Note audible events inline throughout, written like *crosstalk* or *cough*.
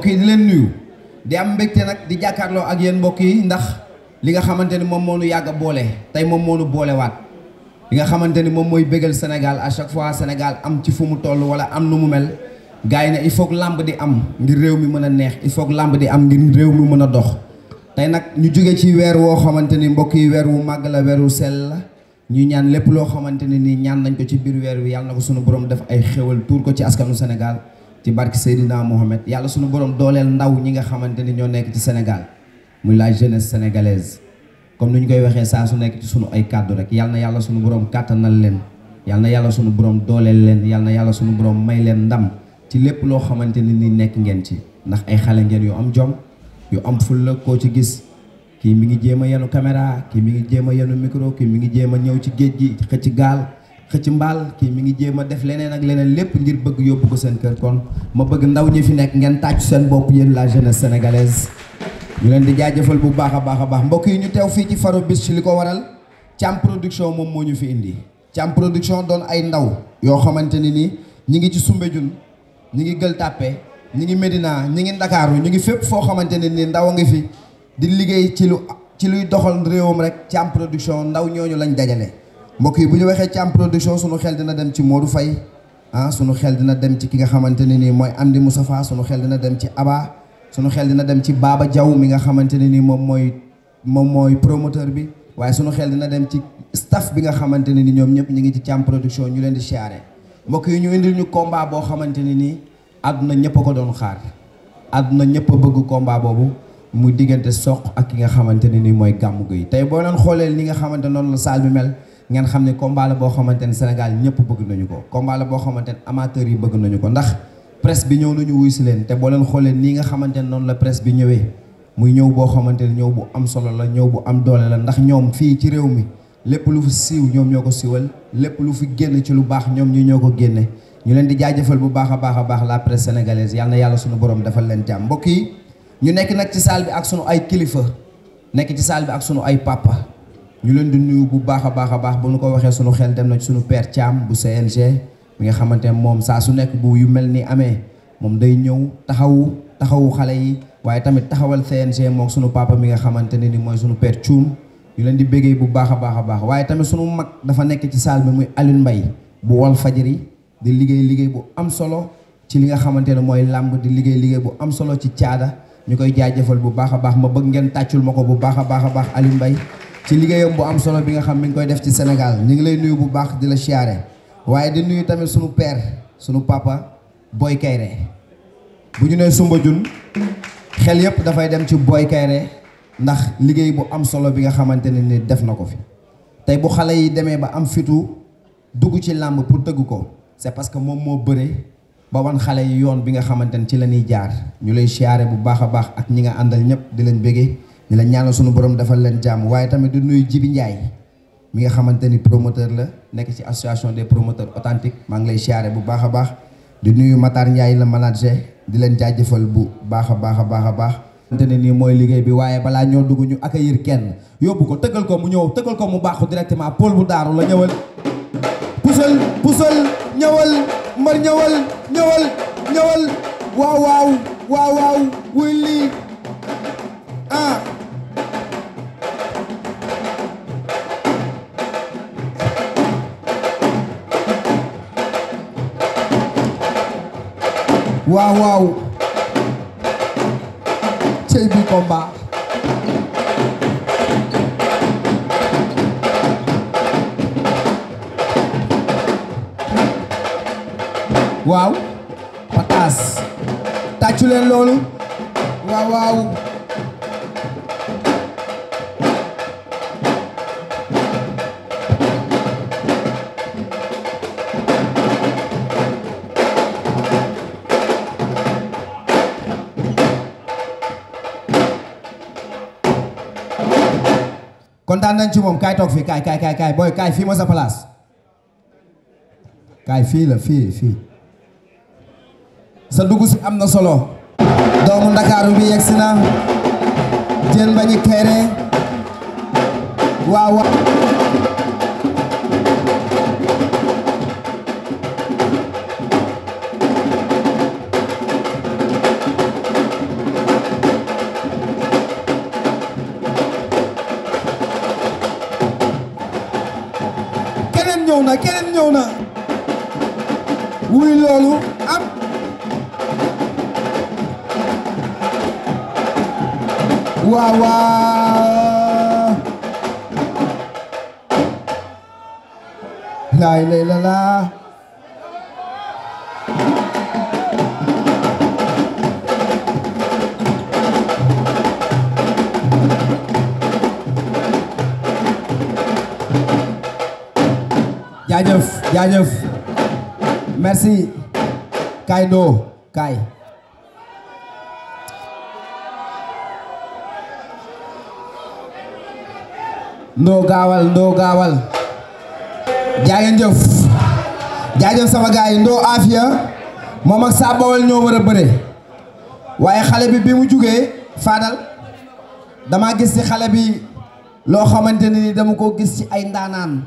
mbokk leen nuyu di am mbégte nag di jàkkaarloo ak yéen mbokk yi ndax li nga xamante ni moom moo nu yàgg boole tey moom moo nu boolewaat li nga xamante ni moom mooy bégal Sénégal à chaque fois Sénégal am ci fu mu toll wala am nu mu mel gars yi ne il foog que làmb di am ngir réew mi mën a neex il foog que di am ngir réew mi mën a dox tey nag ñu jóge ci weer woo xamante ni mbokk yi weer wu màgg la weer wu sell la ñu ñaan lépp loo xamante ni nii ñaan nañ ko ci biir weer wi yàlla na ko suñu borom def ay xéwal tuur ko ci askanu Sénégal ci barke Seydina Mohamed yàlla sunu borom dooleel ndaw ñi nga xamante ni ñoo nekk ci Sénégal muy la jeunesse sénégalaise comme ni ñu koy waxee saa su nekk ci sunu ay kàddu rek yal yàlla sunu borom kàttanal leen yal yàlla sunu borom dooleel leen yal yàlla sunu borom may leen ndam ci lépp loo xamante ni ni nekk ngeen ci ndax ay xale ngeen yu am jom yu am fulla koo ci gis kii mi ngi jéem a yenu caméra kii mi ngi jéem a yenu micro kii mi ngi jéem a ñëw ci géej gi xëcc gaal. xëcc mbaal kii mi ngi jéem a def leneen ak leneen lépp ngir bëgg yóbbu ko seen kër kon ma bëgg ndaw ñi fi nekk ngeen tàccu seen bopp yéen la jeunesse sénégalaise ñu leen di jaajëfal bu baax a baax a baax mbokk yi ñu teew fii ci Faro bis ci li ko waral Thiam production moom moo ñu fi indi Thiam production doon ay ndaw yoo xamante ni nii ñi ngi ci Soumbédioune ñi ngi Gueule Tapée ñi ngi Médina ñi ngi Ndakaaru ñi ngi fépp foo xamante ne nii ndaw a ngi fi di liggéey ci lu ci luy doxal réewam rek Thiam ndaw ñooñu lañ dajale mbokk yi bu ñu waxee Thiam suñu xel dina dem ci Modou Faye ah suñu xel dina dem ci ki nga xamante ne nii mooy Amdi Moustapha sunu xel dina dem ci Aba sunu xel dina dem ci Baba Diaw mi nga xamante ne nii moom mooy moom mooy promoteur bi waaye suñu xel dina dem ci staff bi nga xamante ne ni ñoom ñëpp ñu ngi ci Thiam production ñu leen di siyaare mbokk yi ñu indi ñu kombaa boo xamante ne nii àdduna ñëpp ko doon xaar àdduna ñëpp bëgg combat boobu. muy diggante soq ak ki nga xamante ne ni mooy gàmmu gi tey boo leen xoolee li nga xamante noonu la saal bi mel ngeen xam ne combat boo xamante ne Sénégal ñëpp bëgg nañu ko combat la boo xamante ne amateurs yi bëgg nañu ko ndax presse bi ñëw nañu wuy si leen te boo leen xoolee nii nga xamante ne noonu la presse bi ñëwee muy ñëw boo xamante ne ñëw bu am solo la ñëw bu am doole la ndax ñoom fii ci réew mi lépp lu fi siiw ñoom ñoo ko siwal lépp lu fi génn ci lu baax ñoom ñu ñoo ko génne ñu leen di jaajëfal bu baax a baax a baax la presse sénégalaise yal yàlla suñu borom defal leen jàmm yi ñu nekk nag ci bi ak sunu ay kilifa nekk ci salle bi ak sunu ay papa ñu leen di nuyu bu baax a baax a baax bu nu ko waxee sunu xel dem na sunu père Thiam bu CNG bi nga xamante ne moom saa su nekk bu yu mel ni amee moom day ñëw taxawu taxawu xale yi waaye tamit taxawal CNG moom sunu papa mi nga xamante ne ni mooy sunu père Thioum ñu leen di béggee bu baax a baax a baax waaye tamit sunu mag dafa nekk ci saal bi muy Alioune mbay bu Walfadjri di liggéey liggéey bu am solo ci li nga xamante ne mooy làmb di liggéey liggéey bu am solo ci caada ñu koy jaajëfal bu baax a baax ma bëgg ngeen tàccul ma ko bu baax a baax a baax Alioune Mbaye ci liggéeyam bu am solo bi nga xam mi ngi koy def ci Sénégal ñu ngi lay nuyu bu baax di la siyaare waaye di nuyu tamit suñu père suñu papa booy Kayré bu ñu nee Sumba Jun xel yëpp dafay dem ci booy Kayré ndax liggéey bu am solo bi nga xamante ne ni def na ko fi tey bu xale yi demee ba am fitu dugg ci làmb pour tëgg ko c'est parce que moom moo bëre ba wan xale yi yoon bi nga xamante ne ci la ñuy jaar ñu lay siyaare bu baax a baax ak ñi nga àndal ñëpp di lañ bëggee. ñu la ñaanal suñu borom defal leen jàmm waaye tamit di nuyu Jibi Ndiaye mi nga xamante ni promoteur la nekk ci association des promoteurs authentiques maa ngi lay siyaare bu baax a baax di nuyu Matar Ndiaye la manager di leen jaajëfal bu baax a baax a baax a baax xamante ne nii mooy liggéey bi waaye balaa ñoo dugg ñu accueillir kenn yóbbu ko tëggal ko mu ñëw tëggal ko mu baaxu directement Paul bu daaru la ñëwal pusal pusal ñëwal mbar ñëwal waaw waaw waaw waaw waaw waaw cey bi combat waaw pataas tàccu loolu waaw waaw kontaan nañ ci moom kaay toog fii kaay kaay kaay booy kaay fii ma sa place kaay fii la fii fii sa dugg si am na solo doomu ndakaaru bi yegsi na jën bañu kere waaw na keneen ñëw na wuy loolu am waaw waaw laay lay la laa jaajëf merci kay doo kay ndoo gaawal ndoo gaawal jaa ngeen ñoo war a bëre waaye xale bi bi mu jugee faadal dama gis ci xale bi loo xamante ni dama ko gis ci ay ndaanaan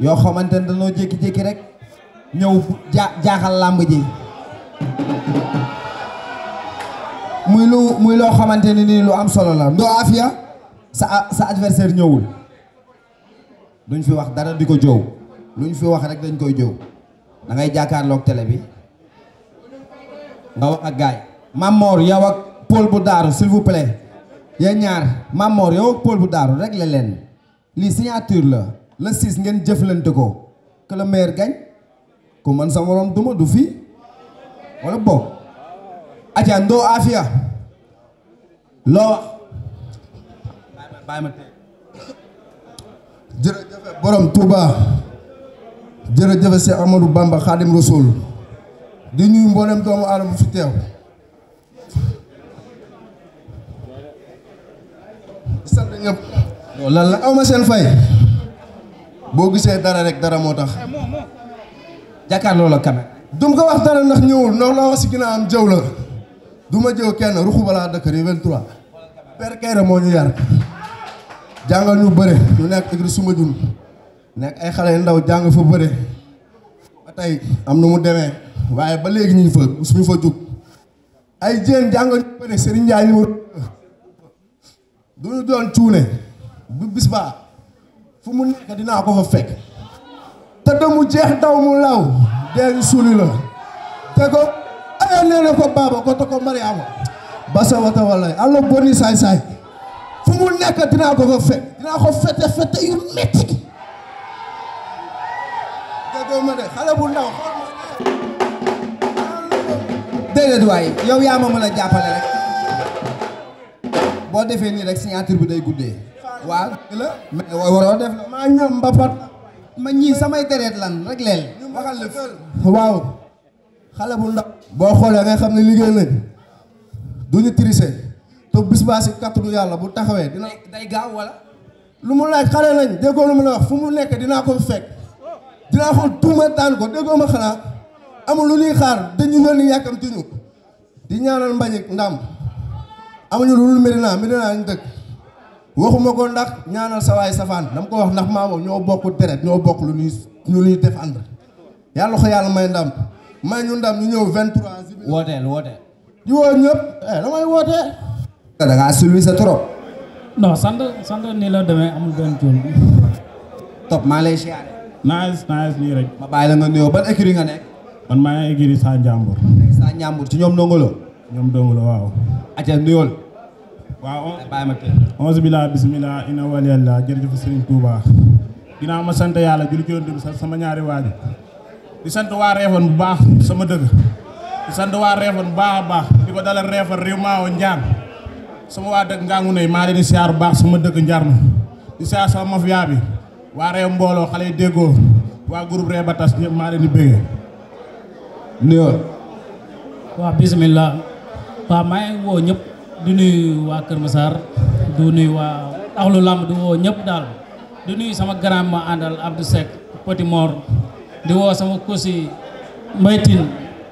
yoo xamante ni dañoo jékki-jékki rek ñëw jaaxal làmb ji muy lu muy loo xamante ne lu am solo la Ndo Afia sa adversaire ñëwul duñ fi wax dara di ko joow luñ fi wax rek dañ koy joow dangay ngay jàkkaarloog télé bi nga wax ak gaay Mamor yow ak Paul bu daaru s'il vous ya ñaar Mamor yow ak Paul bu daaru rek la leen lii la le 6 ngeen jëflante ko que le maire gagne ku man sama morom duma du fii wala boog aja ndoo afia loo wax bàyyi ma tey jërëjëf borom Touba jërëjëf Seex Amadou Bamba Xaadim Rasul di ñuy mboolem doomu aadama fi teew di la aw seen fay boo gisee dara rek dara moo tax. Eh, jàkkaarloo la kamet. du ma ko wax dara ndax ñëwul ndax loo wax si ginnaawam jëw la du ma jëw kenn ruxu balaa dëkk yi 23. Père Kayra moo ñu yar jàngal ñu bëre ñu nekk écrit suma jun nekk ay xale ndaw jàng fa bëre ba tey am na mu demee waaye ba léegi ñu ngi fa suñu fa jug ay jéen jàngal ñu bëre Serigne Ndiaye ñu du ñu doon cuune bu bis fu mu nekk dinaa ko fa fekk te damu jeex daw mu law dee suli la te ko aya nee na ko baaba ko te ko mariama basa wata walay allo boni saay-saay fu mu nekk dinaa ko fa fekk dinaa ko fete fete yu metti déggoo ma de xale bu ndaw déedéet waaye yow yaa ma mën a jàppale rek boo defee nii rek signature bi day guddee waaw la mais waroo def la maa ñoom mbapat ma ñii samay deret lan rek leel la waaw xale bu ndaw boo xoolee nga xam ne liggéey nañ du ñu triché te bis baa yàlla bu taxawee dina day gaaw walla lu mu laaj xale lañ déggoo lu mu fu mu nekk dinaa ko fekk dinaa ko tuuma daan ko déggoo ma xanaa amul lu ñuy xaar dañu mel ni yàkkamti di ñaanal mbañik ndam amuñu lu dul Medina Medina ñu dëkk waxuma ko ndax ñaanal sawaay safaan dam ko wax ndax maamoo ñoo bokk deret ñoo bokk lu ñuy lu def ànd yàlla ko yàlla may ndam may ñu ndam ñu ñëw 23. wooteel wooteel. di woo ñëpp eh damay woote. da sa trop. non sant sant nii la demee amul benn tuun. top maa nice nice nii rek. ma bàyyi la nga nuyoo ban écurie nga nekk. man maa ngi saa njàmbur. saa njàmbur ci ñoom dongolo. ñoom dongolo waaw. aca nuyool. waaw onze billah bismillah inna waliyallah jërëjëf Serigne Touba dinaa ma sant yàlla julli ci yonent bi sa sama ñaari waajur di sant waa Réfane bu baax sama dëkk di sant waa Réfane bu baax a baax di ko dalal Réfane réew njaan sama waa dëkk ngangu nay maa leen di siyaar bu baax sama dëgg njar na di siyaar sama mafia bi waa réew mbooloo xale yi déggoo waa groupe Ré ba tas maa leen di bëggee nuyoo waa du nuyu waa Kër Massar du nuyu waa axlu làmb di woo ñëpp daal du nuyu sama grand ma àndal Abdou Seck Petit Mor di woo sama kosi mbaytin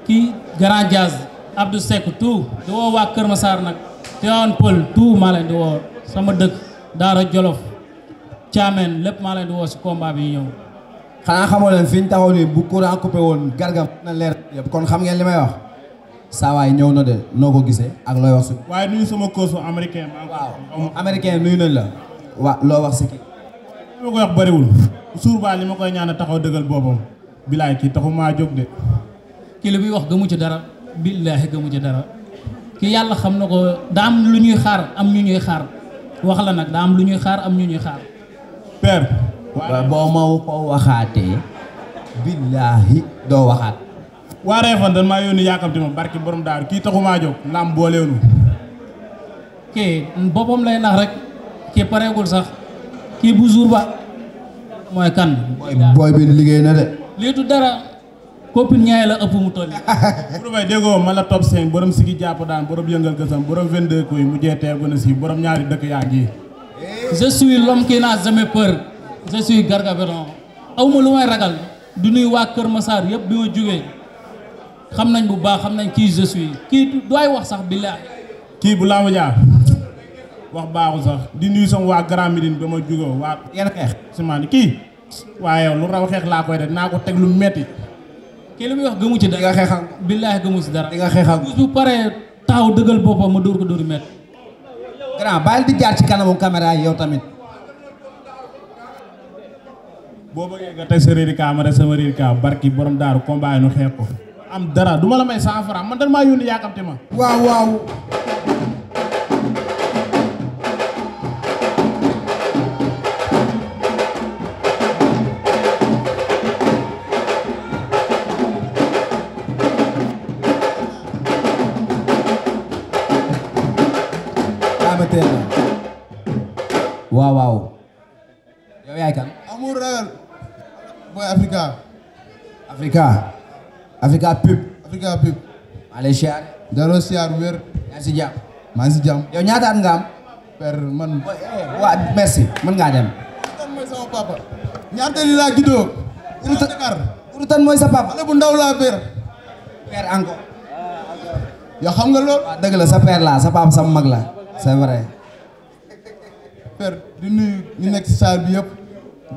kii grand jazz Abdou Seck tout di woo waa Kër Massar nag Tivaouane Peulh tout maa leen di woo sama dëkk Daara Jolof Thiamène lépp maa leen di woo si combat bi ñëw xanaa xamoo leen fi ñu taxaw nii bu courant coupé woon gargam na leer kon xam ngeen li may wax saawaay ñëw na de noo ko gisee ak looy wax si. waaye nuyu sama koosu américain. waaw américain nuyu nañ la. wa loo wax si kii. li ma koy wax suur baa li ma koy ñaan taxaw dëggal boppam. bilaay kii taxu maa jóg de. kii li muy wax gëmu ci dara. billaahi gëmu ci dara. kii yàlla xam na ko daa am lu ñuy xaar am ñu ñuy xaar. wax la am lu ñuy xaar am ñu ñuy xaar. père. waaw boo ma ko waxaatee. billaahi doo waxaat. waa Réfane dañ maa yónni yaakamti ma barki borom daaru kii taxumaa jóg laam booleenu kii boppam lay nax rek kii pareegul sax kii bu jour ba mooy kan booy bi liggéey na de lii du dara copine ñaay la ëpp mu toll pour *laughs* bay déggoo ma la top 5 borom sigi jàpp daan borom yëngal gësam borom 22 koy mu jeetee gën a si borom ñaari dëkk yaa ngi je suis l'homme qui n'a jamais peur je suis Garga Mbeddon ma lu may ragal du nuy waa Kër Massar yëpp bi ma jógee xam nañ bu baax xam nañ kii je suis kii dooy wax sax billaay kii bu laa ma wax baaxul sax di nuyu sama waa Grand Médine ba ma jugoo waa yenn xeex simaani kii waaye lu raw xeex laa koy def naa ko teg lu metti kii li muy wax gëmu ci dara di nga xeexal ci dara di nga xeexal bu paree taxaw dëggal boppam ma dóor ko dóori metti grand bàyyil di jaar ci kanamu caméra yow tamit boo bëggee nga teg sa réer kaa ma teg sama réer kaa barki borom daaru combat nu xeex ko am dara du la may cent francs man dañ maa yónni yaakamte ma waaw waaw waaw waaw yow yaay kan amul ragal Africa Africa Africa Pub. Africa Pub. maa siyaar. wér. maa ngi yow ñaata at nga am. père man. Oh, eh, waa dem. ñaata li laa juddoo. Urutan Urutan sa papa. xale bu ndaw laa yow xam nga loolu. waaw dëgg la sa père sa papa mag la c'est vrai. père di nuyu ñu nekk si saal bi yëpp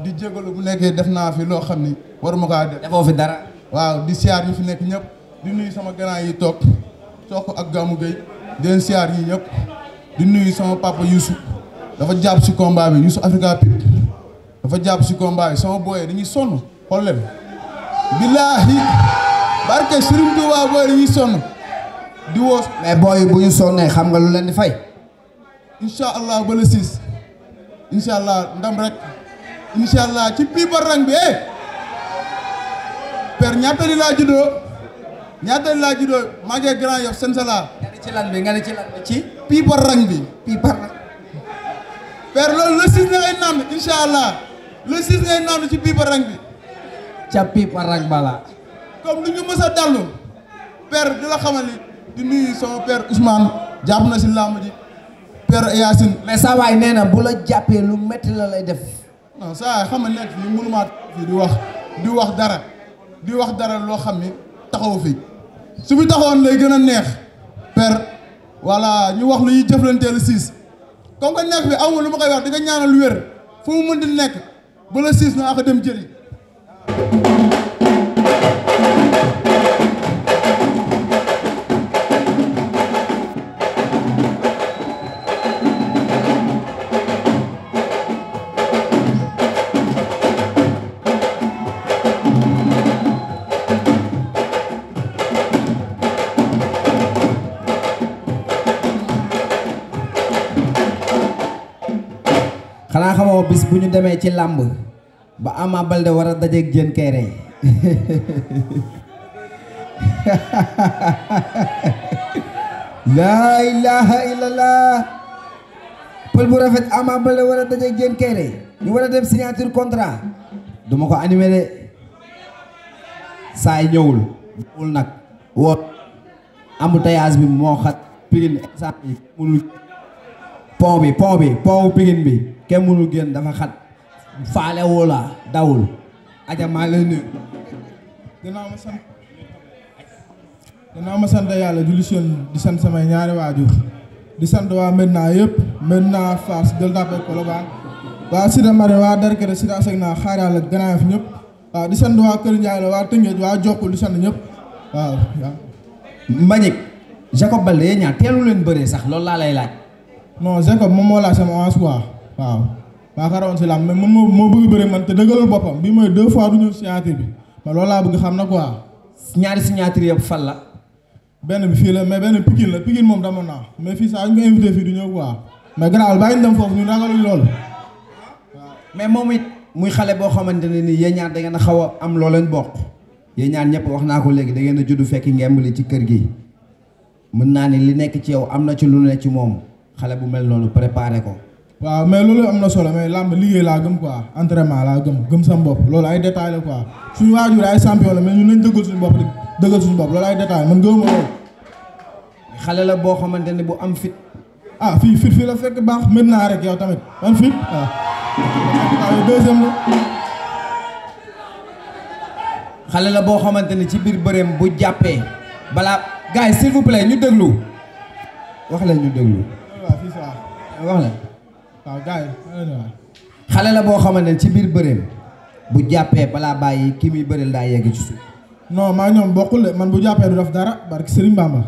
di jégalu bu nekkee def naa fi loo xam ni waruma kaa defoo fi dara. waaw di siyaar ñu fi nekk ñëpp di nuyu sama grand yi toog sook ak Gamou Gueye di leen siyaar yi ñëpp di nuyu sama papa Youssou dafa jàpp ci combat bi Youssou dafa jàpp si combat bi sama booyee dañuy sonn xool leen billaahi barke Serigne Touba booyee dañuy sonn di woo. mais booy bu ñu sonnee xam nga lu leen di fay. incha allah ba le allah ndam rek incha allah ci biir rang bi eh. père ñaata li laa juddoo ñaata li laa juddoo màggee Grand ci lan bi nga ne ci lan bi ci pii par rang bi pii par rang allah le ci pii par rang bi ca pii par rang bala comme lu ñu mës a dallu père di la xamal di nuyu sama père Ousmane jàpp na si làmb ji père Yacine mais saa waay na bu la jàppee lu métti la lay def non saa waay xam nga nekk ni fii di wax di wax dara di wax dara loo xam ni taxaw fi su fi taxawoon lay gën a neex per voilà ñu wax lu ñuy jëflanteel siis comme que nekk bi amul lu ma koy wax di nga lu wér fu mu mën nekk ba la siis na aka dem jëli bis bu ñu demee ci làmb ba Ama Baldé war a dajeeg Diène Kairé laa ilaha illallah pël bu rafet Ama Baldé war a dajeeg Diène Kairé ñu war a dem signature contrat duma ko animé de saay ñëwul ñëwul nag amut embouteillage bi moo xat Pikine instant yi pont bi pont bi pont Pikine bi kenn mënul génn dafa xat faalewu la dawul aja maa lay nuyu gannaaw ma sant gannaaw yàlla di sant samay ñaari waajur di sant waa Medina yëpp Medina Fass Gueule Tapée Colobane waa Cité Marine waa Derklé Cité Asecna Xaar Yàlla Grand Yoff ñëpp waaw di sant waa Kër Ndiaye la waa Tëngéej waa Jokkul di sant ñëpp waaw waaw Jacob Baldé yéen ñaar teelu leen bëree sax loolu laa lay laaj non Jacob moom moo laaj sama avance quoi waaw waakaaroon si lam mais moom moo moo bëgg bëri man te dëggalul boppam bi mooy deux fois du ñëw signature bi ma loolu laa bëgg xam na quoi ñaari signature fan la benn bi fii la mais benn Pikine la Pikine moom dama naa mais fii saa ñu ko invité fii du ñëw quoi mais garaawul bàyyi ñu dem foofu ñu ragaluñ loolu mais moom it muy xale boo xamante ne nii yéen ñaar da ngeen a xaw a am loo leen bokk yéen ñaar ñëpp wax naa ko léegi da ngeen a juddu fekk ngemb li ci kër gi mën naa ni li nekk ci yow am na ci lu ne ci moom xale bu mel noonu préparé ko. waaw mais loolu am na solo mais làmb liggéey laa gëm quoi entraînement laa gëm gëm sa bopp loolu ay détails la la mais ñun nañ suñu bopp rek dëggal suñu bopp loolu la boo xamante ne bu am fit. ah fii fit fii la fekk baax mën naa rek yow tamit man fit waaw. Ah. Ah, waaw deuxième xale la boo xamante ni ci biir bëreem bu jàppee balaa gars yi s'il vous ñu déglu wax leen déglu. Ah, waaw xale la boo xamante ne ci biir bëreem bu jàppee balaa bàyyi kii muy bëreel daa yegg ci suuf. non maa ñoom bokkul de man bu jàppee du def dara barki Serigne Bamba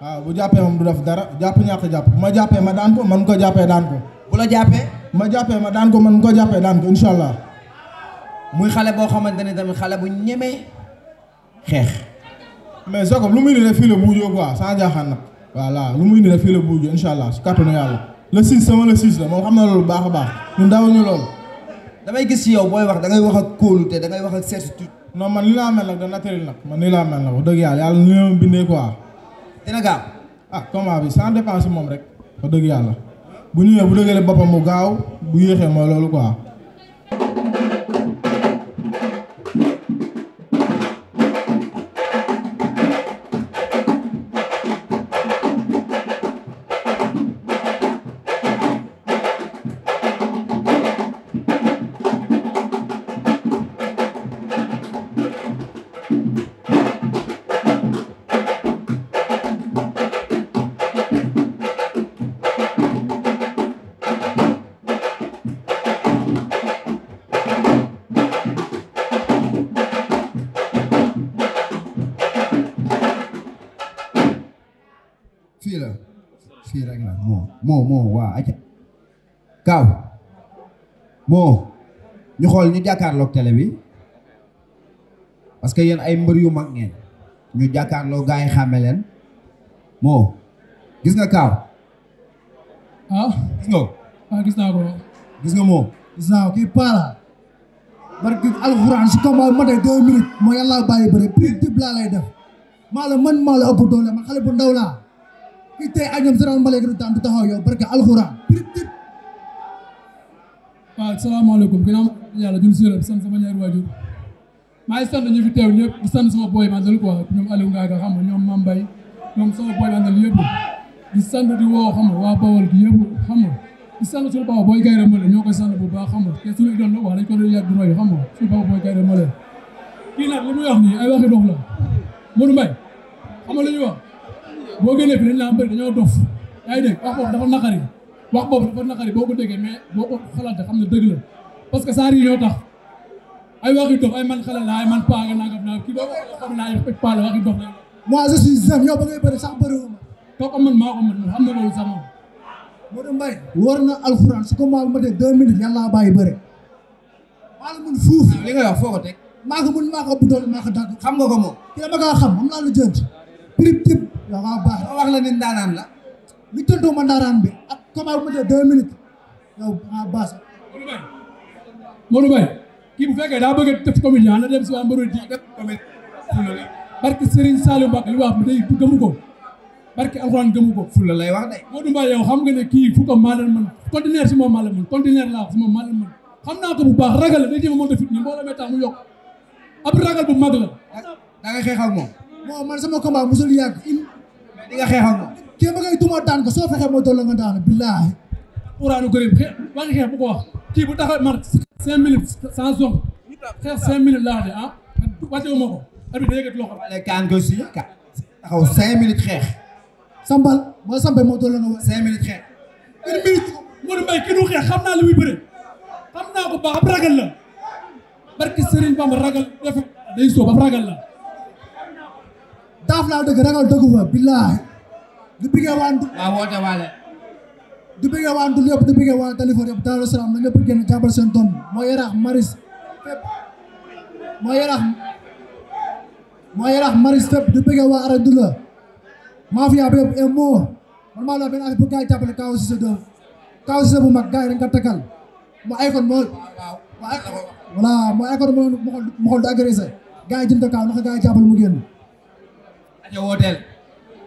waaw bu jàppee moom du def dara jàpp ñàkk jàpp ma jàppee ma daan ko man ko jàppee daan ko. bu la ma jàppee ma daan ko man ko jàppee daan ko incha allah. muy xale boo xamante ne tamit xale bu ñemee xeex. mais Jacob lu muy def fii la bu wujjoo quoi sans jaaxaan nag. voilà lu mu indi rek fii la buuju incha allah su kàttanu yàlla le 6 sama le 6 la moom xam na loolu baax a baax ñun daawuñu loolu. damay gis si yow booy wax dangay wax ak kóolute da ngay wax ak certitude. non man li laa mel nag da naturel nag man nii laa mel nag wax dëgg yàlla yàlla ni ma bindee quoi. dina gaaw. ah combat bi sans dépense moom rek oo dëgg yàlla bu ñu ñëwee bu dëggalee boppam bu gaaw bu yéexee mooy loolu quoi. fii rek la moo moo moo waa aca kaaw moo ñu xool ñu jàkkaarloog télé bi parce que yéen ay mbër yu mag ngeen ñu jàkkaarloo gaa yi xàmme leen moo gis nga kaaw ah gis nga ah naa ko gis nga moo gis naa ko kii alxuraan si combat ma day deux minutes moo yàlla bàyyi bëri prix dib laa lay def maa la man maa la ëpp doole man xale bu ndaw laa ittee ak ñoom Général Mbalika du temps du taxaw yow barke alxuraan. waaw salaamaaleykum ginnaaw yàlla jul si sant sama ñaari waajur maa ngi sant ñu fi teew ñëpp di sant sama boy mandal quoi ñoom Aliou Ngaga xam nga ñoom Mambay ñoom sama boy mandal yëpp di sant di woo xam nga waa Bawol gi yëpp xam nga di sant suñu baba booy Gaye Mole ñoo koy sant bu baax xam nga te suñu doon la wax dañ ko doon yàgg du roy xam nga suñu baba booy Gaye Mole kii nag li muy wax nii ay waxi dox la Modou Mbaye xam nga li ñuy wax boo génnee fi dañ laa bëri dañoo dof yaa ngi dégg wax boobu dafa naqari wax boobu dafa naqari boo ko déggee mais boo ko xalaate xam ne dëgg parce que saar yi ñoo tax ay waxi dof ay man xelal la ay man paa nga nangam naa kii doo xam naa ay paa la waxi moi je suis jeune yow sax bëriwul ma kooku man maa ko man xam na loolu sax moom Modou Mbaye war na alxuraan su ko maa matee deux minutes yàlla bàyyi bëri maa mun fuuf li nga wax foo ko teg mun maa ko bu doon maa xam nga ko moom ki dama xam am naa la prip prip waaw baax a wax la ni ndaanaan la li tëddoo ma ndaanaan bi ak combat bu ma jël deux minutes yow waaw ah, baax Modou Mbaye kii bu fekkee daa bëgg a def comédien na dem si waa mbëru di def comédie barke Serigne Saliou Mbacke li wax mu day gëmu ko barke alxuraan gëmu ko fula lay wax de Modou Mbaye yow xam nga ne kii fu ko maa leen mën conteneur si moom maa leen mën conteneur laa si moom maa leen mën xam naa ko bu baax ragal la day jéem a mën a fit ni mbooloo mee tax mu yokk ab ragal bu mag la da nga xeexal moom bon man sama combat musul yàgg in di nga xeexoon ko kii ba ngay daan ko soo fexee moo toll nga daan billaahi quraanu karim xe waa bu ko wax kii bu taxaw cinq minutes sans son cinq minutes laa ah wàcce wu ma ko abi da yëkkati loxo ale kaan ko si ka taxaw cinq minutes xeex sambal moo sambe moo toll nga cinq minutes xeex une minute Modou Mbaye kii du xeex xam naa li muy bëre xam naa ko baax ab ragal la barki Serigne Bamba ragal ragal la daaf laa dëgg ragal dëggu fa billahi du bëggee waan du waaw woote waale du bëggee waan du lépp du bëggee waan téléphone yëpp Daaru Salaam na ñëpp génn jàppal seen doom moo yaraax maris fépp moo yaraax moo yaraax maris fépp du bëggee waa ara dula mafia bi yëpp et moo man maa la benn affaire bu gars yi jàppale Kaw Cissé doom Kaw Cissé bu mag gars yi dañ ko takkal mu aykoon moo voilà mu aykoon moo xool du agressé gars yi jëm ta kaw naka gars yi jàppale mu génn te wooteel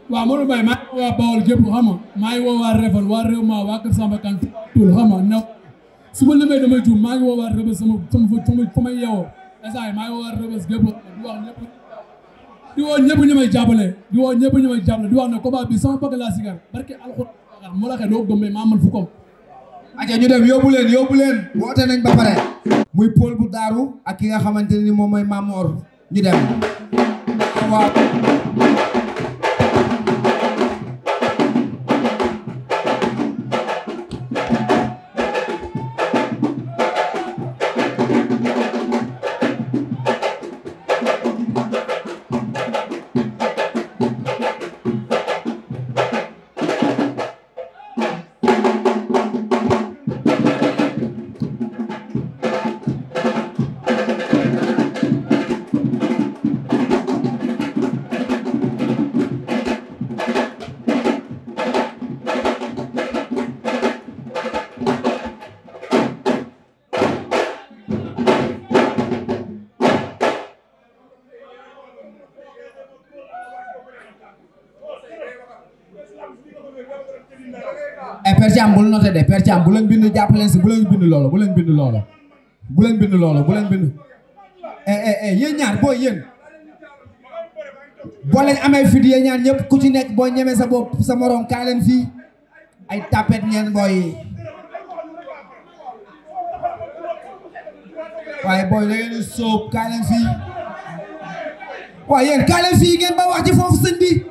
waaw Modou Mbaye maa ngi waa Bawol gépp xam nga maa ngi woo waa Réfal waa réew ma waa Kër Samba Kan tul xam nga na su ma limee damay juum maa ngi woo waa Rëbës sama sama fa may yeewoo esaay maa ngi woo waa Rëbës gépp di wax ñëpp di woo ñëpp ñu may jàppale di woo ñëpp ñu may jàppale di wax ne combat bi sama bëgg laa sigar barke alxuraan moo la xee doo gëm maa mën fu kom aja ñu dem yóbbu leen yóbbu leen woote nañ ba pare muy Paul bu daaru ak ki nga xamante ni moom mooy Mamor ñu dem waaw Thiam bul noté de Père Thiam bu leen si bu leen bind loolu bu leen bind loolu bu leen bind loolu bu leen bind eh, eh, eh, yéen ñaar boo yéen boo leen amee yéen ñaar ñëpp ku ci nekk boo ñemee sa bopp sa morom kaa leen fii ay tapet ñeen booy waaye booy da ngeen di kaa fii waaye yéen kaa fii ngeen ba wax foofu sëñ bi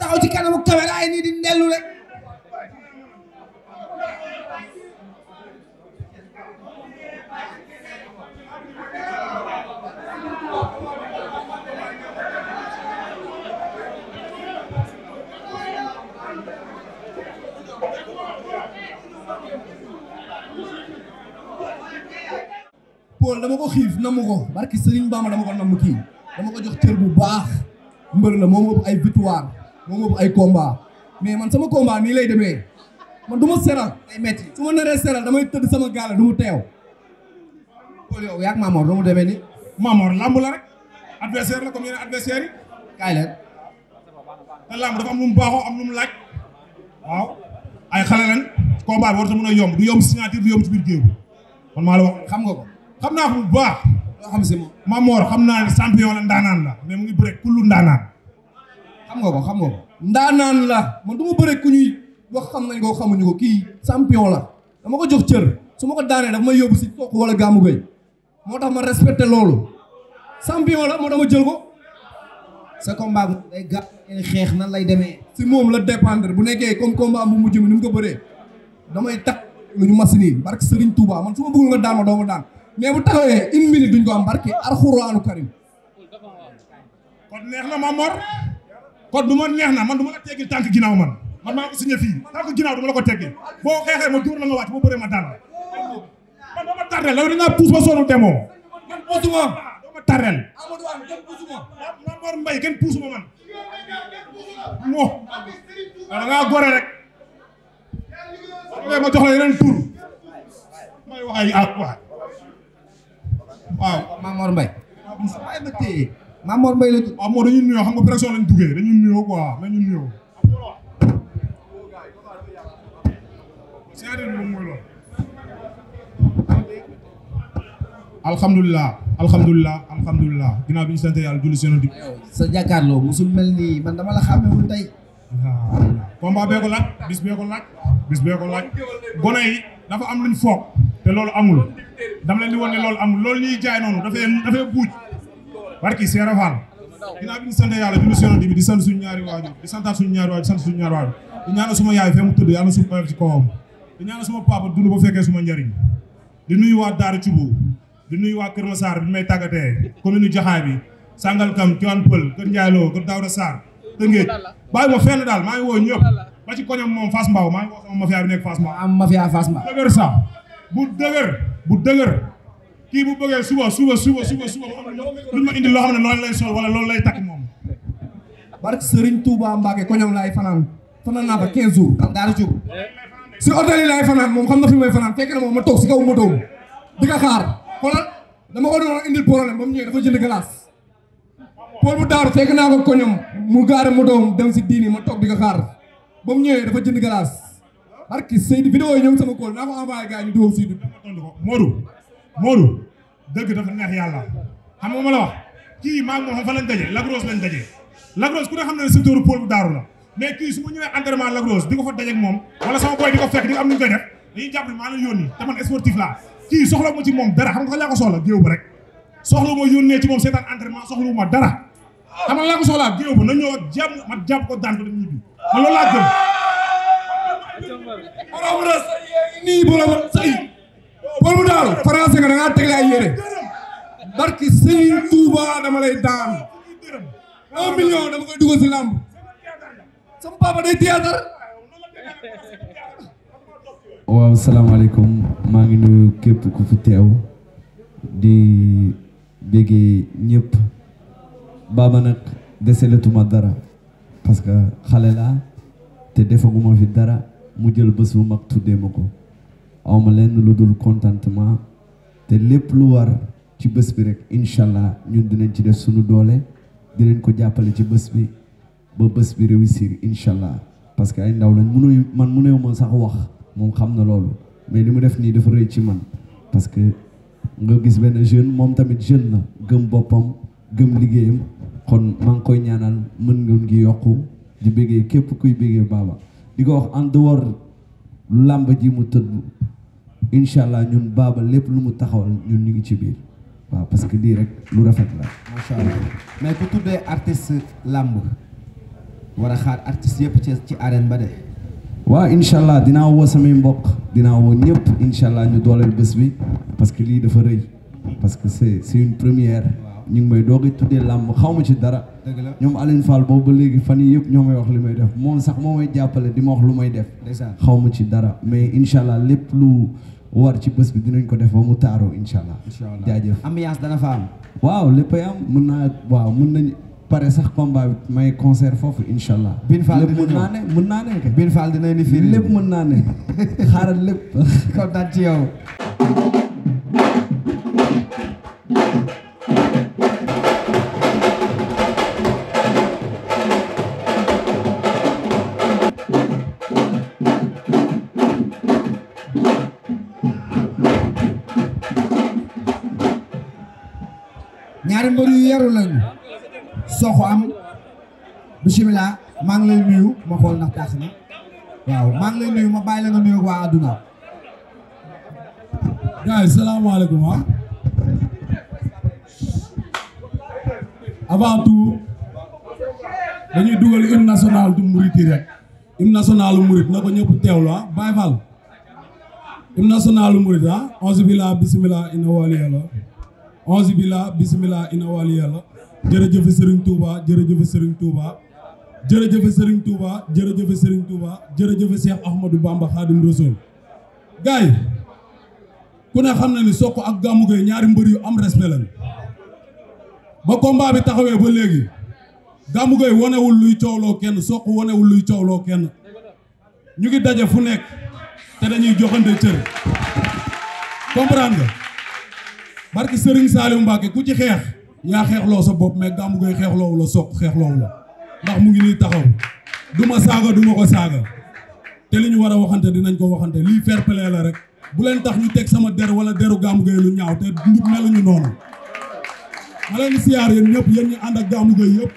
taxaw kanamu caméra yi nii di nellu rek Paul dama ko xiif namm ko barki Serigne ma dama ko namm kii dama ko jox cër bu baax mbër la moom ëpp ay victoire moom ëpp ay combat mais man sama combat nii lay demee man du ma seral ay metti ma naree seral damay tëdd sama gaale du mu teew Paul yow mu demee ni Mamor lamb la rek adversaire la comme baaxoo am lu mu laaj waaw ay xale lañ a yomb du yomb signature du man maa la wax xam nga ko xam naa ko bu baax. loo xam si moom Mamor xam naa ne champion la ndaanaan la mais mu ngi bëre kullu ndaanaan. xam nga ko xam nga ko. ndaanaan la man du ma bëre ku ñuy wax xam nañ ko xamuñu ko kii champion la dama ko jox cër su ma ko daanee dafa may yóbbu si toog wala gàmmu bay moo tax ma respecté loolu champion la moo tax ma jël ko. sa combat bu day gàtt xeex nan lay demee. si moom la dépendre bu nekkee comme combat bu mujj mi ni mu ko bëree damay takk lu ñu machine yi barke Serigne Touba man su ma bëggul nga daan ma doo ma daan. mais bu taxawee une biñ duñ ko am barke alxuraanu karim kon neex na ma mor kon du neex na man du ma la teggil tànk ginnaaw man man maa ko signé fii tànk ginnaaw du ma la ko teggee boo xeexee ma jur la nga wàcc ma daan man doo ma tardel la dangaa puus ba soonu demoo man puusuma ma tardel Amadou Wane kenn puusuma ma man moo da ngaa gore rek ma jox la yeneen tur may wax ay ah waaw Mamor Mbaye. waaw ma téye Mamor Mbaye la. waaw xam nga pression lañ duggee dañuy nuyoo quoi nañu nuyoo. alhamdulilah alhamdulilah alhamdulilah ginnaaw bi ñu sant yàlla julli seen di. sa jàkkaarloo musul mel nii man dama la xàmmewul tey. combat bee ko laaj bis bee ko laaj bis bee ko laaj gone dafa am luñ foog. te loolu amul dama leen di wan loolu amul loolu ñuy jaay noonu dafay dafay buuj barki Seera Fall ginnaaw bi ñu sant yàlla bi di sant suñu ñaari waajur di santaat suñ ñaari waajur di sant suma yaay fee mu tëdd yàlla suuf oyof ci kawam di ñaanal suma papa dund ba fekkee suma njariñ di nuyu waa Daara Cubu di nuyu waa Kër Massar bi may tàggatee commune Jaxaay bi Sangalkam Tivaouane Peulh Kër Njaayloo Kër Daouda Sarr Tëngéej bàyyi ma fenn daal maa ngi woo ñëpp ba ci koñam moom Fass Mbaw maa ngi woo sama mafia bi nekk Fass Mbaw am mafia Fass Mbaw bu dëgër bu dëgër kii bu bëggee suba suba suba suba suba lu ma indi loo xam ne loolu lay sol wala loolu lay takk moom. barke Serigne Touba Mbacke ko ñoom laay fanaan fanaan naa fa 15 jours daal di jóg si hôtel yi laay fanaan moom xam na fi may fanaan fekk na moom ma toog si kaw ma doom di ka xaar xoolal dama ko doon indil problème ba mu ñëwee dafa jënd glace. pool bu daaru fekk naa ko koñom mu gaare mu dem si diini ma toog di ka xaar ba mu ñëwee dafa jënd glace. barki Seydou vidéo yi ñoom sama kóol naa ko envoyé gars yi ñu dugal si dama tontu ko Modou Modou dëgg dafa neex yàlla xam nga ma la wax kii maa ngi moom fa lañ daje Lagros lañ daje Lagros ku ne xam ne secteur pôle bu daaru la mais kii su ma ñëwee entraînement Lagros di ko fa dajeeg moom wala sama boy di ko fekk di ko am nu ñu koy def dañuy jàpp ne maa la laa kii soxla ma ci moom dara xam nga laa soxla géew ba rek soxla ma ma na ñëw jàmm ma jàpp ko daan borom rës nii maa ngi nuyu képp ku fi teew di béggee ñëpp baaba nag deseletuma dara parce xale laa te defaguma fi dara mu jël bés bu mag tuddee ma ko awma lenn lu dul contentement te lépp lu war ci bés bi rek incha allah ñun dinañ ci def suñu doole dinañ ko jàppale ci bés bi ba bés bi réussir incha allah parce que ay ndaw lañ mënuñu man mëneewu ma sax wax moom xam na loolu mais li mu def nii dafa rëy ci man parce que nga gis benn jeune moom tamit jeune na gëm boppam gëm liggéeyam kon maa ngi koy ñaanal mën nga ngi yokk di bëggee képp kuy bëggee baaba di ko wax en dehors làmb ji mu tëdd incha allah ñun baabal lépp lu mu taxawal ñun ñu ngi ci biir waaw parce que lii rek lu rafet la. macha allah mais ku tuddee artiste làmb war a xaar artiste yëpp ci ci ba de. waaw incha dinaa woo samay mbokk dinaa woo ñëpp incha allah ñu dooleel bés bi parce que lii dafa rëy parce que c'est c'est une première. ñu ngi may doog a tuddee làmb xaw ma ci dara. dëgg la ñoom Aline Fall boobu ba léegi fan yii yëpp ñoo may wax li may def moom sax moo may jàppale di ma wax lu may def. xaw ma ci dara mais incha allah lépp lu war ci bés bi dinañ ko def ba mu taaroo incha allah. incha allah jaajëf ambiance dana fa am. waaw léppay am mën naa waaw mun nañ pare sax combat bi may concert foofu incha allah. bin faal dina ñëw lépp mën naa ne mën naa ne. bin lépp mën naa ne xaaral lépp kontaan ci yow. ngi lay nuyu ma bàyyi la nga nuyu waa àdduna. gars yi salaamaaleykum ah. avant tout dañuy dugal hymne national du Mouride yi rek hymne national Mouride na ko ñëpp teewlu ah Baye Fall. hymne national Mouride ah onze bila bismillah ina wali onze bila bismillah ina wali yàlla jërëjëf Serigne Touba jërëjëf Serigne Touba. jërëjëfe Serigne Touba jërëjëfe Serigne Touba jërëjëfe Cheikh Ahmadou Bamba Khadim Rasoul gaay ku ne xam na ni Sokh ak Gamou Gueye ñaari mbër yu am respect lañ ba combat bi taxawee ba léegi Gamou wonewul wanewul luy coowloo kenn Sokh wonewul luy coowloo kenn ñu ngi daje fu nekk te dañuy joxante cër comprendre nga barki Serigne Saliou Mbacke ku ci xeex yaa xeexloo sa bopp mais Gamou Gueye xeexloowu la Sokh xeexloowu la ndax mu ngi nii taxaw du ma saaga du ma ko saaga te li ñu war a waxante dinañ ko waxante lii fair la rek bu leen tax ñu teg sama der wala deru Gamou géey lu ñaaw te ndub meluñu noonu ma leen siyaar yéen ñëpp yéen ñu ànd ak Gamou Gueye yëpp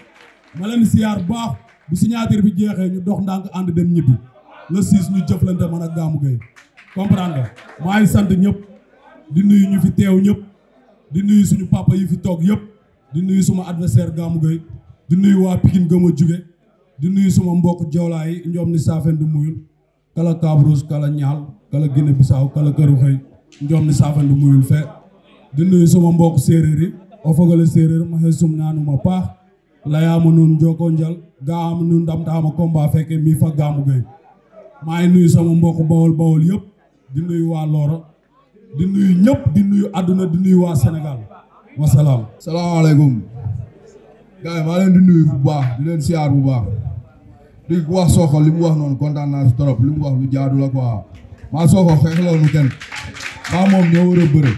ma leen siyaar baax bu signature bi jeexee ñu dox ndànk ànd dem ñibbi le six ñu jëflante man ak Gamou Gueye comprendre nga maa ngi sant ñëpp di nuyu ñu fi teew ñëpp di nuyu suñu papa yi fi toog yëpp di nuyu suma adversaire Gamou Gueye di nuyu waa Pikine gëm a jóge di nuyu sama mbokk jawlaa yi ñoom ni saafen du muyul kala Kabrousse kala ñaal kala Guinée Bissau kala këru xëy ñoom ni saafen du muyul fe di nuyu sama mbokk séeréer yi o fogole séeréer ma xëy sum naanu ma paax layaama nuun njoko njal gaama nuun ndamtaama combat fekke mi fa gaamu gay maa ngi nuyu sama mbokk bawol bawol yëpp di nuyu waa Looro di nuyu ñëpp di nuyu àdduna di nuyu waa Sénégal wasalaam salaamaaleykum gars yi maa leen di nuyu bu baax di leen siyaar bu baax di wax Sokh li mu wax noon kontaan naa li mu wax lu jaadu la quoi maa Sokh xeexloo ñu kenn maa moom ñoo war a bëre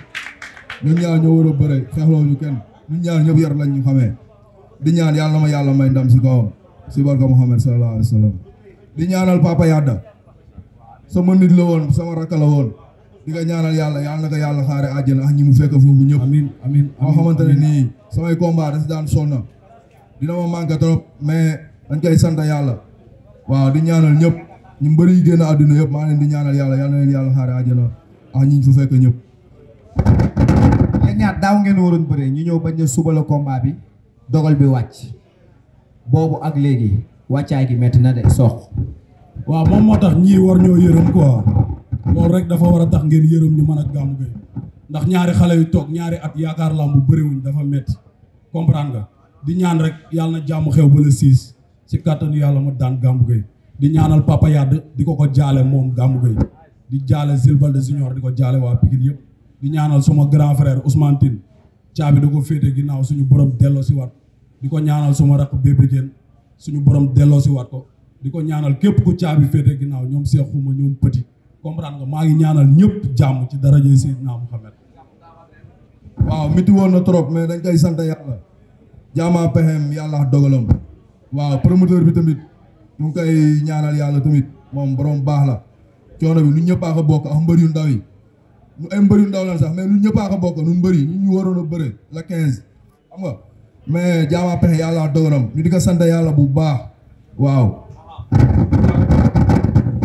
ñun ñaar ñoo war a bëre xeexloo ñu kenn ñun ñaar yar lañ xamee di ñaan yàlla na ma yàlla may ndam si si barka Muhammad sallallahu alayhi wa sallam di ñaanal Papa Yada sama nit la woon sama rakk woon di nga ñaanal yàlla yàlla na ko yàlla xaare àjjana ak ñi mu fekk foofu ñëpp. amiin ne nii samay combat da si dina ma manqué trop mais dañ koy sant yàlla waaw di ñaanal ñëpp ñu mbëri yi génn àdduna yëpp maa leen di ñaanal yàlla yal na leen yàlla xaare àjjana ah fekk ñëpp. yéen ñaar daaw ngeen ñu ñëw bañ ne suba la combat bi dogal bi wàcc boobu ak léegi wàccaay gi metti na de sox. waaw moom moo tax ñii war ñoo yërëm quoi loolu rek dafa war a tax ngeen yërëm ñu mën a gàmmu gay ndax ñaari xale yu toog ñaari at yaakaar lamb bu bëriwuñ dafa métti comprendre nga. di ñaan rek yàlla na jàmm xew ba le six ci kàttanu yàlla ma daan Gamou Gueye di ñaanal Papa Yade di ko ko jaale moom Gamou Gueye di jaale Zilbalde Junior di ko jaale waa Pikine yëpp di ñaanal suma grand frère Ousmane Tine caabi da ko féete ginnaaw suñu borom delloo si waat di ko ñaanal suma rakk bébé Diène suñu borom delloo si waat ko di ko ñaanal képp ku caabi féete ginnaaw ñoom seexuma ñoom petit comprendre nga maa ngi ñaanal ñëpp jàmm ci dara Seydina Muhammad waaw métti woon na trop mais dañ koy sant yàlla jaamaa pexeem yàlla dogalam waaw promoteur bi tamit ñu ngi koy ñaanal yàlla tamit moom borom baax la coono bi lu ñëpp a ko bokk ak mbër yu ndaw yi ñu ay mbër yu ndaw lan sax mais lu ñëpp a ko bokk ñun mbër yi ñu ñu waroon a bëre la quinze xam nga mais jaamaa pexe yàlla dogalam ñu di ka sant yàlla bu baax waaw.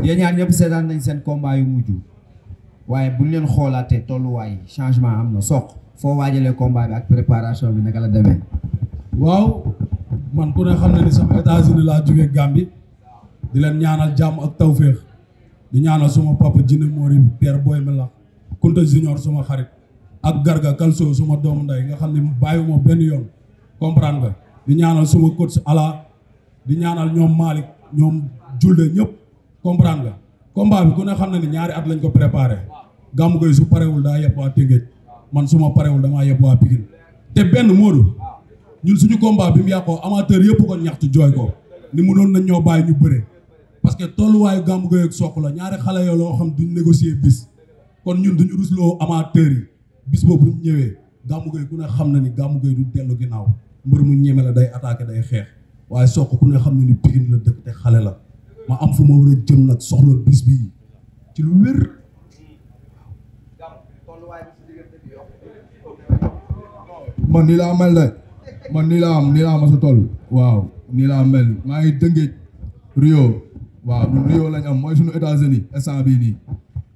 yéen ñaar ñëpp seetaan nañ seen combat yu mujj waaye bu ñu leen xoolaatee tolluwaay changement am na soq foo waajalee combat bi ak préparation bi naka la demee. waaw man ku ne xam ne ni sama États-Unis laa jóge Gambie di leen ñaanal jàmm ak tawféex di ñaanal suma papa Jine Mori Pierre Boy Mela Kunta Junior suma xarit ak Garga Kalso suma doomu nday nga xam ne bàyyiwuma benn yoon comprendre nga di ñaanal suma coach Ala di ñaanal ñoom Malick ñoom Julde ñëpp comprendre nga combat bi ku ne xam ne ni ñaari at lañ ko préparé Gamou Gueye su parewul daa yeb waa Tëngéej man suma parewul damaa yeb waa Pikine te benn Modou ñun suñu combat bi mu yàqoo amateur yëpp ko ñaxtu jooy ko ni mënoon nañ ñoo bàyyi ñu bëre parce que tolluwaayu Gamou Gueye ak Sokh la ñaari xale yoo loo xam duñ négocier bis kon ñun duñu rusloo amateur yi bis boobu ñëwee Gamou Gueye ku ne xam na ni Gamou Gueye du dellu ginnaaw mbër mu ñeme la day attaqué day xeex waaye Sokh ku ne xam na ni Pikine la dëkk te xale la ma am fu ma war jëm nag soxla bis bi ci lu wér man ni laa mel ne man nii laa am nii laa ma sa toll waaw nii laa mel maa ngi dëngéej Rio waaw ñun Rio lañ am mooy suñu États-Unis instant bi nii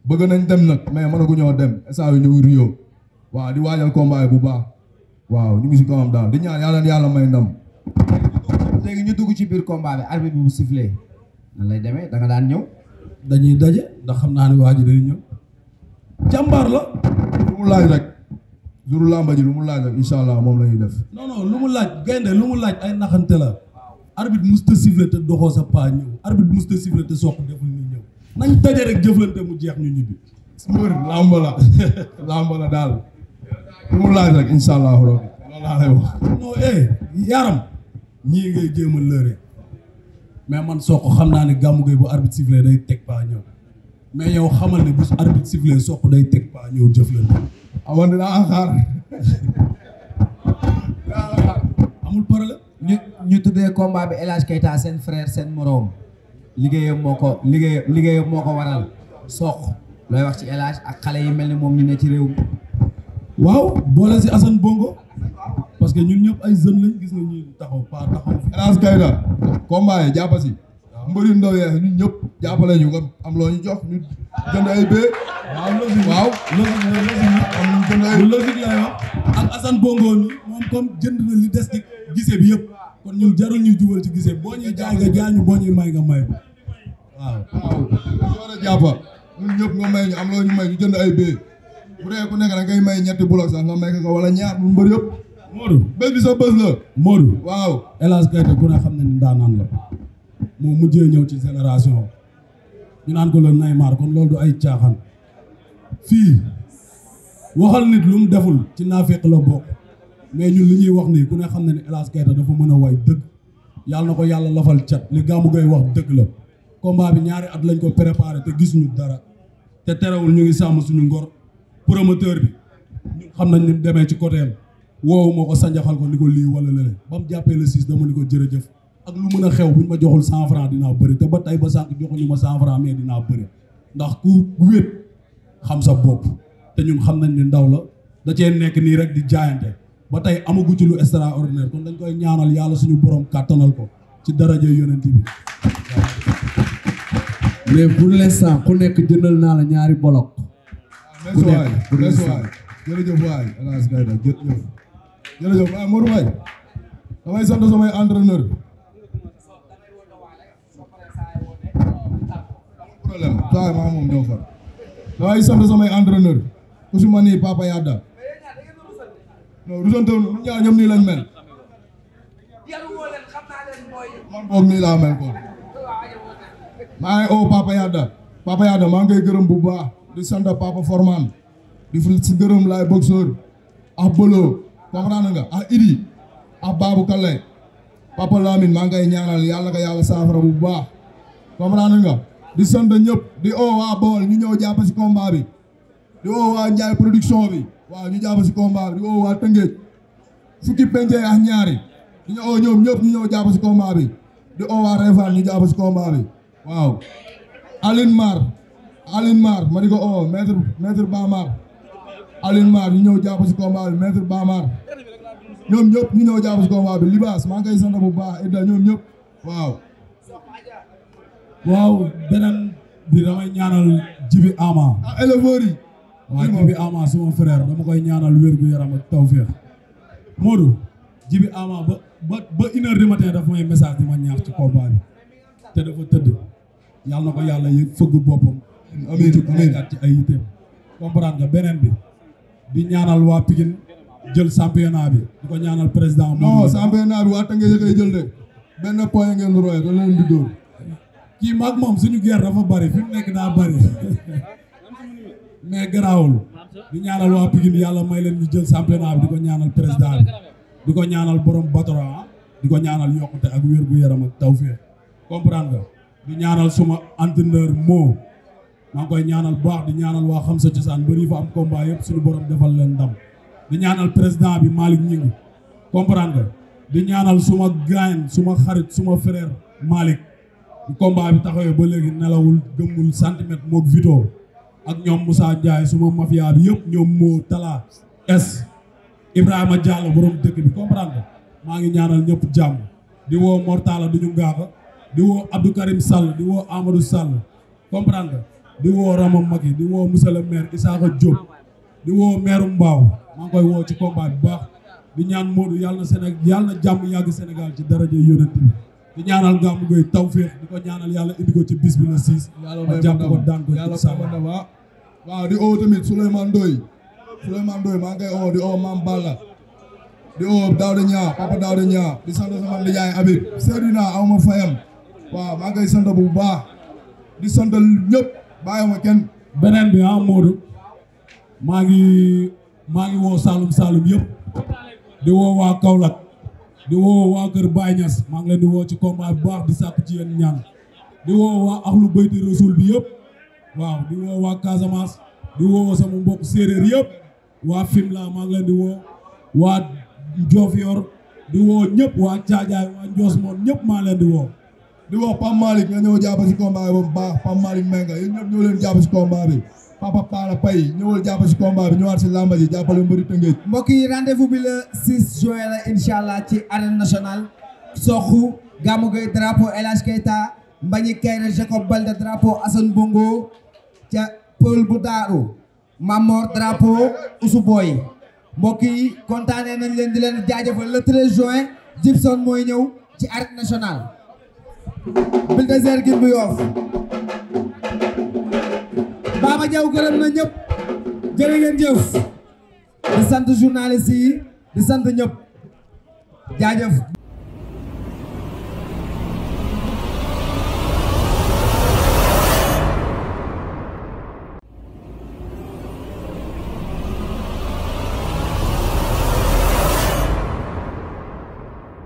bëgg nañ dem nag mais mënaguñoo dem instant bi ñu ngi Rio waaw di waajal combat bu baax waaw ñu ngi si ko kawam daal di ñaan yàlla yàlla may ndam. léegi ñu dugg ci biir combat bi arbitre bi bu sifflé nan lay demee da nga daan ñëw. dañuy daje ndax xam naa ni waa ji day ñëw. jàmbaar la. mu laaj rek. juru làmba ji lu mu laaj rek incha allah moom la ñuy def. non lu mu laaj gaynde lu mu laaj ay naxante la. arbitre musta sifflé te doxoo sa paa ñëw. arbitre musta sifflé te soq deful ñu ñëw. nañ daje rek jëflante mu jeex ñu ñibbi. mbër làmb la làmb *laughs* la daal. lu mu laaj rek incha allah loolu laa lay wax. Eh, a lëre. mais man soq xam naa ne gàmmu gay bu arbitre sifflé day teg paa ñëw. mais yow xamal ne bu arbitre sifflé soq day teg paa ñëw jëflante. awoon dinaa amul problème. ñu ñu tuddee combat bi El Hadj Keita seen frère seen moroom liggéeyam moo ko liggéey liggéeyam moo ko waral soq looy wax ci El ak xale yi mel ni moom ñu ne ci réew waaw boole si Assane Bongo parce que ñun ñëpp ay jeunes lañ gis nga ñuy taxaw pas taxaw El Hadj Keita yi jàpp si mbëri ndaw yeex ñun ñëpp jàppale ñu ko am loo ñu jox ñu jënd ay waaw logique waaw logique la logique am ñu des ci bi yëpp kon ñun jarul ñu jubal ci gise boo ñuy jaay nga jaay ñu boo ñuy may nga may ko waaw. waaw am loo ñu may ñu jënd ay bee bu dee ku nekk da ngay may ñetti bloc sax nga may ko wala ñaar mu mbër yëpp. Modou bés bi sa bés la. Modou waaw El Hadj Keita ku ne xam na ni daanaan la. moo mujjee ñëw ci génération ñu naan ko la Neymar kon loolu du ay caaxaan fii waxal nit lu mu deful ci naafeq la bokk mais ñu li ñuy wax nii ku ne xam ne ne El Hadj Keita dafa mën a way dëgg yàlla na ko yàlla lafal cat li gàmmu gay wax dëgg la combat bi ñaari at lañ ko préparé te gisuñu dara te terewul ñu ngi sàmm suñu ngor promoteur bi ñu xam nañ ni demee ci côté am woowu moo ko sanjaxal ko ni ko lii wala lële ba mu jàppee le six dama ni ko jërëjëf ak lu mën a xew buñ ma joxul cent franc dinaa bëri te ba tey ba sànq joxuñu ma cent franc mais dinaa bëri ndax ku wéet xam sa bopp te ñun xam nañ ne ndaw la da cee nekk nii rek di jaayante ba tey amagu ci lu extraordinaire kon dañ koy ñaanal yàlla suñu boroom kàttanal ko ci daraja yonent bi mais pour l'instant ku nekk jëndal naa ñaari bolok. Ah, ku samay entraîneur problème toi maa moom ñoo far damay sant samay entraîneur Ousmane nii Papa Yada non rusante wu ñaar mel man boog mel ko maa ngi oo Papa Yada Papa Yada maa ngi koy gërëm bu baax di sant Papa Forman di si gërëm laay boxeur ak Bolo comprendre nga ak Idi ak Babou Kallay Papa Lamine maa ngi koy ñaanal yàlla ka yàlla saafara bu baax comprendre nga di sant ñëpp di oo waa Bawol ñu ñëw jàpp si combat bi di oo waa Ndiaye production bi waaw ñu jàpp si combat bi di oo waa Tëngéej ñu oo ñoom ñëpp ñëw jàpp si combat bi di oo waa Réfane bi waaw. Aline Mar Aline Mar ma di ko oo maître maître Bamar Aline ñu ñëw jàpp si combat bi ñu ñëw jàpp si Libaas maa ngi bu baax Edda ñoom ñëpp waaw. waaw beneen bi damay ñaanal Jibi Ama. ah éleveur yi. waaw Jibi Ama sama frère dama koy ñaanal wér gu yaram ak tawféex. Modou Jibi Ama ba ba ba une heure du may message ma ñaax ci combat bi te dafa tëdd yàlla na ko yàlla yëg fëgg boppam. amiin amiin ci ay beneen bi di ñaanal waa Pikine jël championnat bi di ko ñaanal président. non championnat bi nga Tëngéej koy jël de benn point ngeen roye da leen di dóor. kii maag moom suñu guerre dafa bari fi mu nekk daa bari mais garaawul di ñaanal waa Pikine yàlla may leen ñu jël championnat bi di ko ñaanal président bi di ko ñaanal borom Batora di ko ñaanal yokkute ak wér bu yaram ak tawféex comprendre nga di ñaanal suma entendeur moo maa ngi koy ñaanal baax di ñaanal waa xam sa cosaan bëri fa am combat yëpp suñu borom defal leen ndam di ñaanal président bi Malick Ngingue comprendre di ñaanal suma gain suma xarit suma frère bu combat ba léegi nelawul gëmmul centimètre moog Vito ak ñoom Moussa Ndiaye suma mafia yëpp ñoom moo tala es Ibrahima Diallo maa ngi ñaanal ñëpp jàmm di woo Mortala du di woo Abdou Karim Sall di woo Amadou Sall comprendre di woo Rama Maki di woo monsieur le maire Isaka Diop di woo maire Mbaaw maa ngi koy woo ci combat bu baax di ñaan Modou yàlla na Sénégal yàlla na jàmm yàgg Sénégal ci daraja yonent bi di ñaanal Gamou taw tawféex di ko ñaanal yàlla indi ko ci bis bi la siis ma jàpp ko daan ko ci saa ah. waaw di oo tamit Souleymane Ndoye Souleymane Ndoye maa ngi koy oo di oo Mame Balla di oo Daouda Niang papa Daouda Niang di sant sama nijaay Habib seetlu naa aw ma fayam waaw maa ngi koy bu baax di sant ñëpp bàyyi ma beneen bi ah maa ngi maa ngi woo Saloum Saloum yëpp di woo waa di woo waa kër Baye Niass maa ngi leen di woo ci combat bu baax di sàkku ci yéen ñaan di woo waa axlu bayti rasul bi yëpp waaw di woo waa Casamance di woo sama mbokk séeréer yëpp waa Fimela maa ngi leen di woo waa Diofior di woo ñëpp waa Caajaay waa Njoos moom ñëpp maa leen di woo di woo Pam Malick nga ñëw jàpp ci combat bi bu baax Pam Malick ci combat bi papa Talla Paye ñëwal jàpp si combat bi ñëwaat si lamba ji jàppale mbëri Tëngéej. mbokk rendez-vous bi le juin la incha allah ci arène national Sokhu Gamou Gueye drapeau El Hadj Keita Mbagnick Kaïré Jacob Balde drapeau Assane Bongo ca Peul bu Daaru Mamor drapeau Ousou Boy mbokk yi kontaanee nañ leen di leen jaajëfal le 13 juin Gibson mooy ñëw ci arène national Bulldozer gi bu Yoff Baba Diaw gërëm na ñëpp jërë ngeen di sant journaliste yi di sant ñëpp